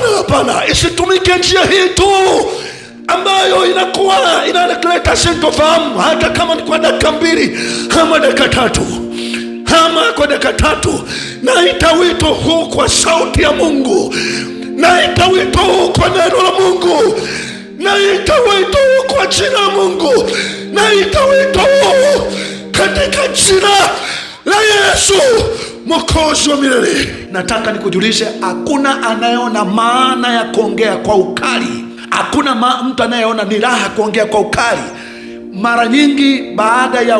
Hapana, hapana, isitumike njia hii tu ambayo inakuwa inaleta sintofahamu, hata kama ni kwa dakika mbili ama dakika tatu ama kwa dakika tatu. Naita wito huu kwa sauti ya Mungu, naita wito huu kwa neno la Mungu, naita wito huu kwa jina la Mungu, naita wito huu katika jina la Yesu. Mwokozi wa milele. Nataka nikujulishe, hakuna anayeona maana ya kuongea kwa ukali. Hakuna mtu anayeona ni raha kuongea kwa ukali. Mara nyingi baada ya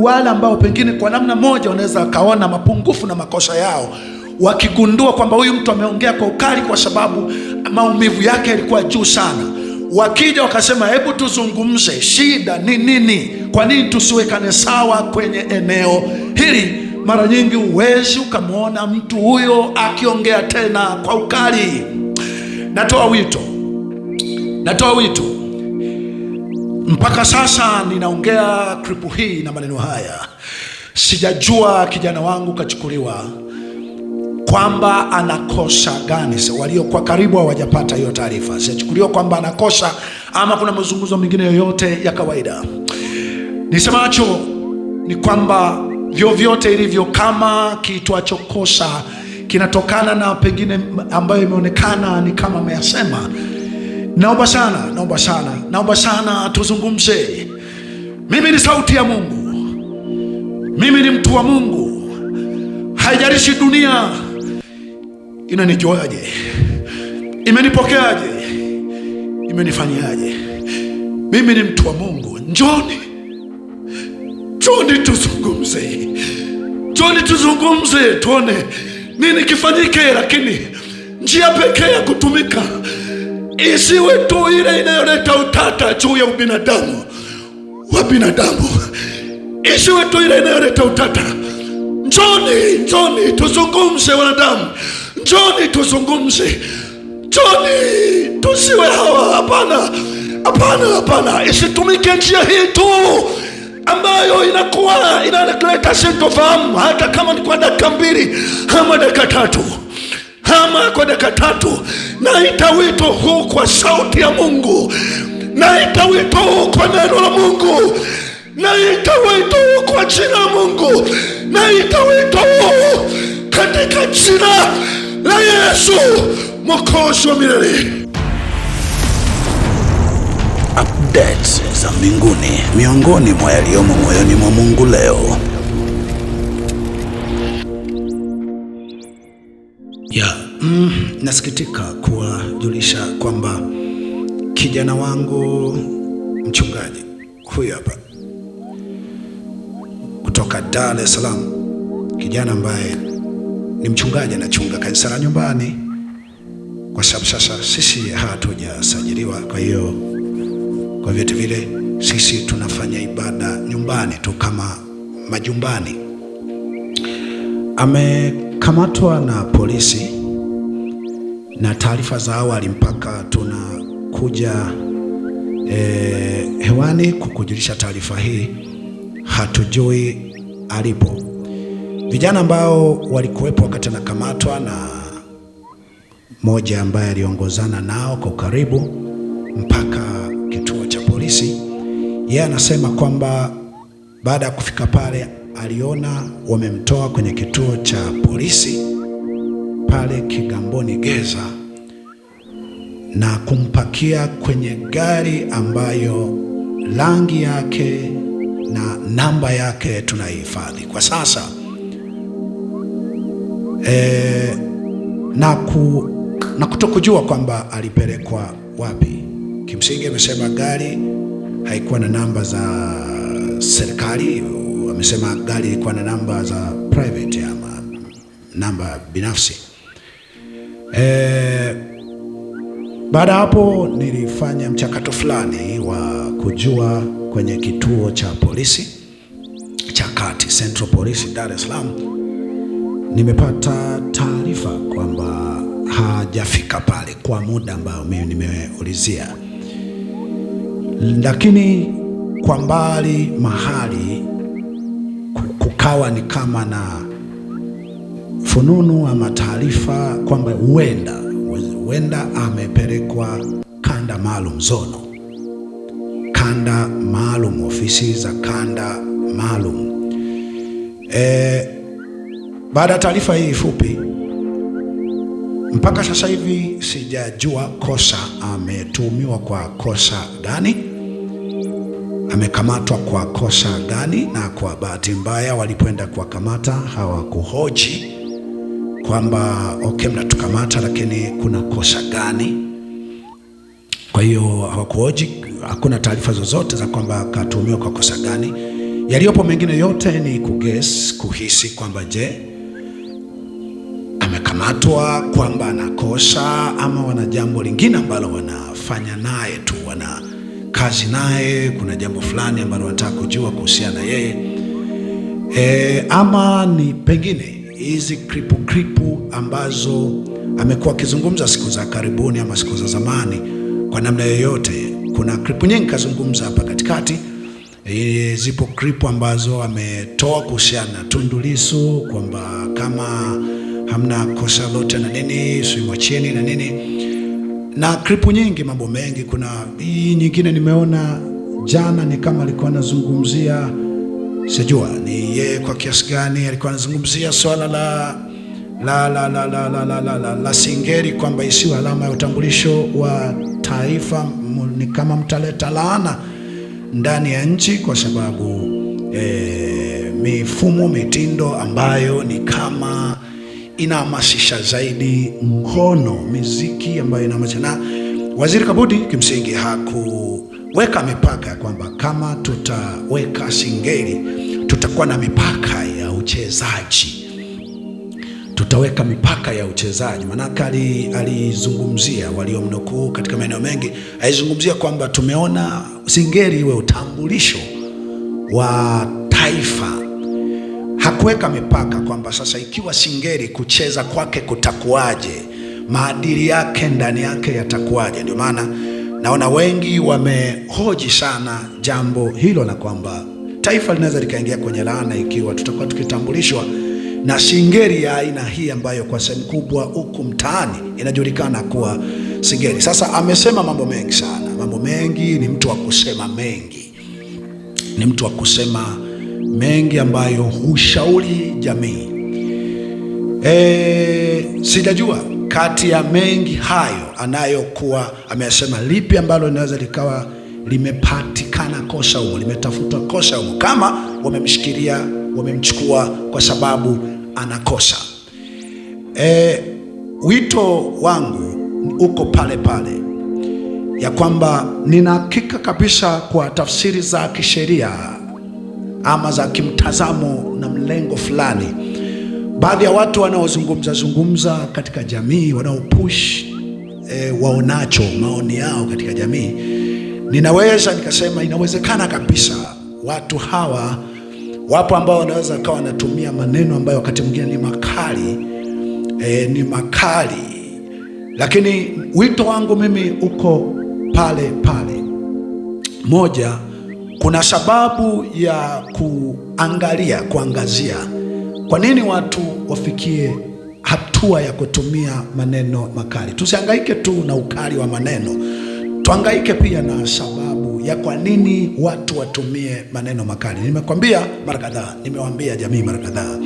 wale ambao pengine kwa namna moja wanaweza wakaona mapungufu na makosa yao, wakigundua kwamba huyu mtu ameongea kwa ukali kwa sababu maumivu yake yalikuwa juu sana, wakija wakasema, hebu tuzungumze, shida ni nini? Kwa nini tusiwekane sawa kwenye eneo hili? mara nyingi huwezi ukamwona mtu huyo akiongea tena kwa ukali. Natoa wito, natoa wito. Mpaka sasa ninaongea kripu hii na maneno haya, sijajua kijana wangu kachukuliwa kwamba anakosa gani. Waliokuwa karibu hawajapata hiyo taarifa, sijachukuliwa kwamba anakosa ama kuna mazungumzo mengine yoyote ya kawaida. Nisemacho ni kwamba vyovyote ilivyo, kama kiitwacho kosa kinatokana na pengine ambayo imeonekana ni kama ameyasema, naomba sana, naomba sana, naomba sana tuzungumze. Mimi ni sauti ya Mungu, mimi ni mtu wa Mungu, haijalishi dunia inanijuaje, imenipokeaje, imenifanyiaje, mimi ni mtu wa Mungu. Njoni Njoni tuzungumze, njoni tuzungumze, tuone nini kifanyike, lakini njia pekee ya kutumika isiwe tu ile inayoleta utata juu ya ubinadamu wa binadamu, isiwe tu ile inayoleta utata. Njoni, njoni tuzungumze, wanadamu, njoni tuzungumze, njoni tusiwe hawa. Hapana, hapana, hapana, isitumike njia hii tu ambayo inakuwa inaleta sintofahamu, hata kama ni kwa dakika mbili ama dakika tatu ama kwa dakika tatu. Naita wito huu kwa sauti ya Mungu, naita wito huu kwa neno la Mungu, naita wito huu kwa jina la Mungu, naita wito huu katika jina la Yesu mwokozi wa milele. updates za mbinguni miongoni mwa yaliyomo moyoni mwa Mungu leo. Yeah. Mm, nasikitika kuwajulisha kwamba kijana wangu mchungaji huyu hapa kutoka Dar es Salaam, kijana ambaye ni mchungaji anachunga kanisa la nyumbani, kwa sababu sasa sisi hatujasajiliwa, kwa hiyo kwa vyote vile sisi tunafanya ibada nyumbani tu kama majumbani. Amekamatwa na polisi na taarifa za awali mpaka tunakuja e, hewani kukujulisha taarifa hii, hatujui alipo. Vijana ambao walikuwepo wakati anakamatwa na mmoja ambaye aliongozana nao kwa karibu mpaka polisi. Yeye anasema kwamba baada ya kufika pale aliona wamemtoa kwenye kituo cha polisi pale Kigamboni Geza na kumpakia kwenye gari ambayo rangi yake na namba yake tunaihifadhi kwa sasa e, na, ku, na kutokujua kwamba alipelekwa wapi. Kimsingi amesema gari haikuwa na namba za serikali, wamesema gari ilikuwa na namba za private ama namba binafsi. E, baada hapo nilifanya mchakato fulani wa kujua kwenye kituo cha polisi cha kati Central Police Dar es Salaam, nimepata taarifa kwamba hajafika pale kwa muda ambao mimi nimeulizia lakini kwa mbali mahali kukawa ni kama na fununu ama taarifa kwamba huenda huenda amepelekwa kanda maalum zono, kanda maalum, ofisi za kanda maalum. E, baada ya taarifa hii fupi, mpaka sasa hivi sijajua kosa ametuhumiwa kwa kosa gani amekamatwa kwa kosa gani, na kwa bahati mbaya walipoenda kuwakamata hawakuhoji kwamba okay, mnatukamata lakini kuna kosa gani? Kwa hiyo hawakuhoji, hakuna taarifa zozote za kwamba akatuhumiwa kwa kosa gani. Yaliyopo mengine yote ni kuges, kuhisi kwamba je, amekamatwa kwamba anakosa ama wana jambo lingine ambalo wanafanya naye tu wana kazi naye, kuna jambo fulani ambalo nataka kujua kuhusiana yeye e, ama ni pengine hizi kripu kripu ambazo amekuwa akizungumza siku za karibuni ama siku za zamani. Kwa namna yoyote, kuna kripu nyingi kazungumza hapa katikati. E, zipo kripu ambazo ametoa kuhusiana na Tundu Lissu kwamba kama hamna kosa lote na nini, simwachieni na nini na klipu nyingi, mambo mengi. Kuna hii nyingine nimeona jana, ni kama alikuwa anazungumzia, sijua ni yeye kwa kiasi gani, alikuwa anazungumzia swala la la la la la la la la la la singeri kwamba isiwe alama ya utambulisho wa taifa, ni kama mtaleta laana ndani ya nchi kwa sababu eh, mifumo mitindo ambayo ni kama inahamasisha zaidi ngono, miziki ambayo inahamasisha. Na Waziri Kabudi kimsingi hakuweka mipaka ya kwamba kama tutaweka singeli tutakuwa na mipaka ya uchezaji, tutaweka mipaka ya uchezaji. Maanake alizungumzia waliomnukuu katika maeneo mengi, alizungumzia kwamba tumeona singeli iwe utambulisho wa taifa kuweka mipaka kwamba sasa ikiwa Singeli kucheza kwake kutakuwaje, maadili yake ndani yake yatakuwaje? Ndio maana naona wengi wamehoji sana jambo hilo la kwamba taifa linaweza likaingia kwenye laana ikiwa tutakuwa tukitambulishwa na Singeli ya aina hii ambayo kwa sehemu kubwa huku mtaani inajulikana kuwa Singeli. Sasa amesema mambo mengi sana, mambo mengi, ni mtu wa kusema mengi, ni mtu wa kusema mengi ambayo hushauri jamii. E, sijajua kati ya mengi hayo anayokuwa ameyasema lipi ambalo linaweza likawa limepatikana kosa huo, limetafutwa kosa huo, kama wamemshikilia wamemchukua kwa sababu anakosa. E, wito wangu uko pale pale ya kwamba ninahakika kabisa kwa tafsiri za kisheria ama za kimtazamo na mlengo fulani. Baadhi ya watu wanaozungumza zungumza katika jamii wanaopush e, waonacho maoni yao katika jamii, ninaweza nikasema inawezekana kabisa watu hawa wapo ambao wanaweza kawa wanatumia maneno ambayo wakati mwingine ni makali e, ni makali, lakini wito wangu mimi uko pale pale moja kuna sababu ya kuangalia, kuangazia kwa nini watu wafikie hatua ya kutumia maneno makali. Tusihangaike tu na ukali wa maneno, tuangaike pia na sababu ya kwa nini watu watumie maneno makali. Nimekwambia mara kadhaa, nimewaambia jamii mara kadhaa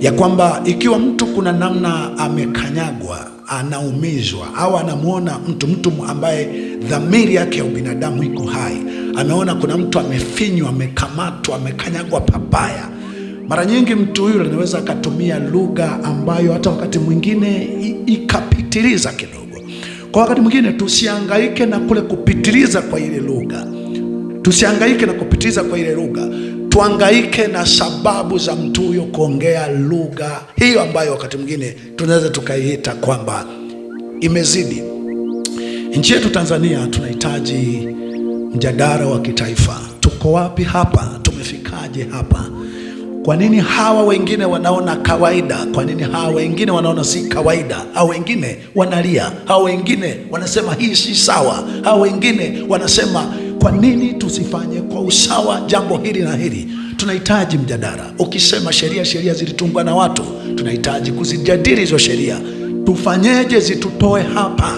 ya kwamba ikiwa mtu kuna namna amekanyagwa, anaumizwa, au anamwona mtu mtu ambaye dhamiri yake ya ubinadamu iko hai anaona kuna mtu amefinywa, amekamatwa, amekanyagwa pabaya. Mara nyingi mtu huyu anaweza akatumia lugha ambayo hata wakati mwingine ikapitiliza kidogo. Kwa wakati mwingine tusiangaike na kule kupitiliza kwa ile lugha, tusiangaike na kupitiliza kwa ile lugha, tuangaike na sababu za mtu huyo kuongea lugha hiyo ambayo wakati mwingine tunaweza tukaiita kwamba imezidi. Nchi yetu Tanzania tunahitaji mjadala wa kitaifa. Tuko wapi hapa? Tumefikaje hapa? Kwa nini hawa wengine wanaona kawaida? Kwa nini hawa wengine wanaona si kawaida? Hawa wengine wanalia, hawa wengine wanasema hii si sawa, hawa wengine wanasema kwa nini tusifanye kwa usawa jambo hili na hili? Tunahitaji mjadala. Ukisema sheria, sheria zilitungwa na watu, tunahitaji kuzijadili hizo sheria. Tufanyeje zitutoe hapa?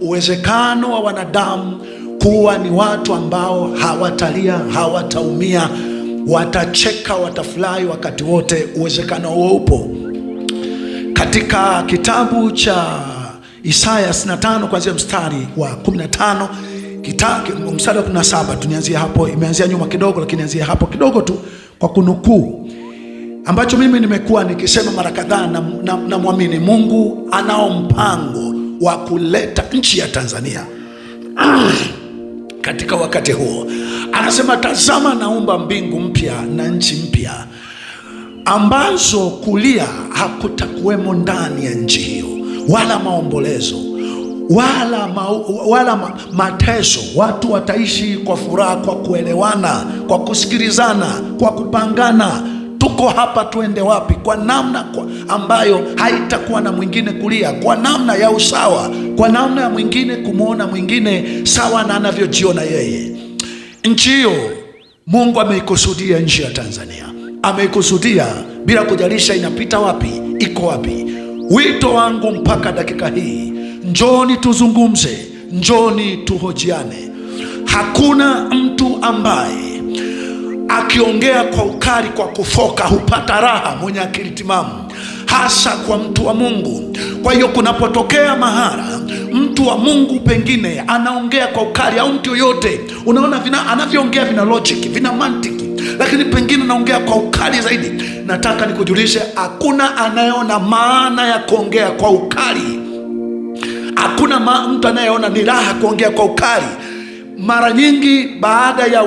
Uwezekano wa wanadamu kuwa ni watu ambao hawatalia, hawataumia, watacheka, watafurahi wakati wote. Uwezekano huo upo katika kitabu cha Isaya 65 kuanzia mstari wa 15 mstari wa 17 tunianzia hapo, imeanzia nyuma kidogo, lakini anzia hapo kidogo tu kwa kunukuu ambacho mimi nimekuwa nikisema mara kadhaa, namwamini na, na Mungu anao mpango wa kuleta nchi ya Tanzania katika wakati huo. Anasema, tazama naumba mbingu mpya na nchi mpya ambazo kulia hakutakuwemo ndani ya nchi hiyo, wala maombolezo wala, ma, wala ma, mateso. Watu wataishi kwa furaha, kwa kuelewana, kwa kusikilizana, kwa kupangana. Tuko hapa, tuende wapi? Kwa namna kwa ambayo haitakuwa na mwingine kulia, kwa namna ya usawa kwa namna ya mwingine kumwona mwingine sawa na anavyojiona yeye. Nchi hiyo Mungu ameikusudia, nchi ya Tanzania ameikusudia, bila kujalisha inapita wapi, iko wapi. Wito wangu mpaka dakika hii, njoni tuzungumze, njoni tuhojiane. Hakuna mtu ambaye akiongea kwa ukali, kwa kufoka, hupata raha mwenye akili timamu hasa kwa mtu wa Mungu. Kwa hiyo kunapotokea mahara mtu wa Mungu pengine anaongea kwa ukali au mtu yoyote, unaona vina anavyoongea vina logic, vina mantiki, lakini pengine naongea kwa ukali zaidi. Nataka nikujulishe, hakuna anayeona maana ya kuongea kwa ukali. Hakuna mtu anayeona ni raha kuongea kwa ukali. Mara nyingi baada ya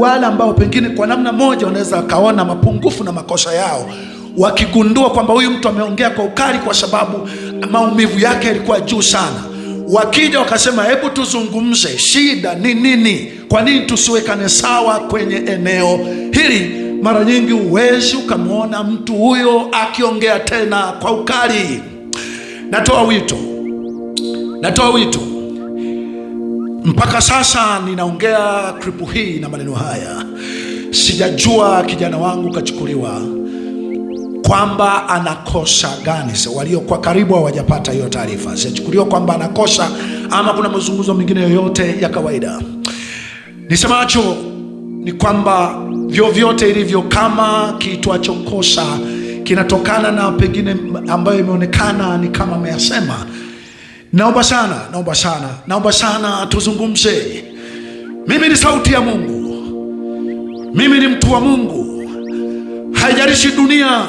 wale ambao pengine kwa namna moja wanaweza wakaona mapungufu na makosa yao wakigundua kwamba huyu mtu ameongea kwa ukali kwa sababu maumivu yake yalikuwa juu sana, wakija wakasema, hebu tuzungumze, shida ni nini? Kwa nini tusiwekane sawa kwenye eneo hili? Mara nyingi huwezi ukamwona mtu huyo akiongea tena kwa ukali. Natoa wito, natoa wito. Mpaka sasa ninaongea kripu hii na maneno haya, sijajua kijana wangu kachukuliwa kwamba anakosa gani. So, waliokuwa karibu hawajapata hiyo taarifa, sichukuliwa kwamba anakosa ama kuna mazungumzo mengine yoyote ya kawaida. Nisemacho ni kwamba vyovyote ilivyo, kama kiitwacho kosa kinatokana na pengine ambayo imeonekana ni kama ameyasema, naomba sana, naomba sana, naomba sana tuzungumze. Mimi ni sauti ya Mungu, mimi ni mtu wa Mungu, haijalishi dunia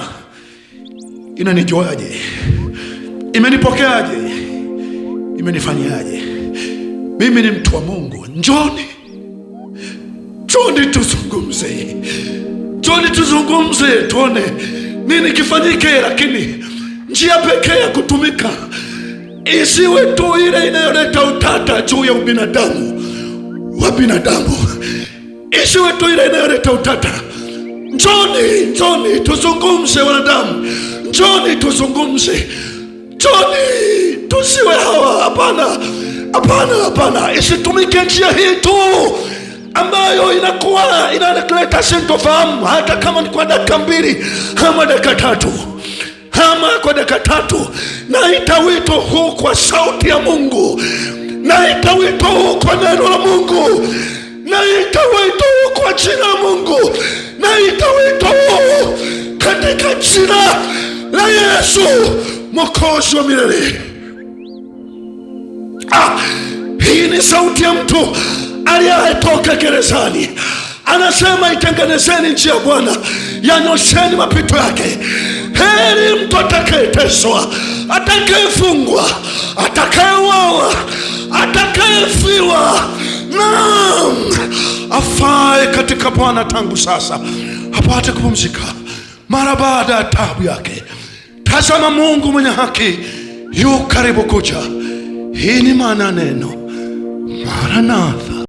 inanijuaje? Imenipokeaje? imenifanyiaje Mimi ni mtu wa Mungu. Njoni, njoni tuzungumze, njoni tuzungumze, tuone nini kifanyike, lakini njia pekee ya kutumika isiwe tu ile inayoleta utata juu ya ubinadamu wa binadamu, isiwe tu ile inayoleta utata. Njoni, njoni tuzungumze wanadamu. Njoni tuzungumze, njoni tusiwe hawa. Hapana, hapana, hapana, isitumike njia hii tu ambayo inakuwa inaleta sintofahamu, hata kama ni kwa dakika mbili ama dakika tatu ama kwa dakika tatu. Naita wito huu kwa sauti ya Mungu, naita wito huu kwa neno la Mungu, naita wito huu kwa jina la Mungu, naita wito huu katika jina la Yesu mwokozi wa milele. Ah, hii ni sauti ya mtu aliyetoka gerezani, anasema itengenezeni njia ya Bwana, yanyosheni mapito yake. Heri mtu atakayeteswa, atakayefungwa, atakayeuawa, atakayefiwa. Naam, afae katika Bwana tangu sasa apate kupumzika mara baada ya taabu yake tazama, Mungu mwenye haki yu karibu kuja. Hii ni maana neno Maranatha.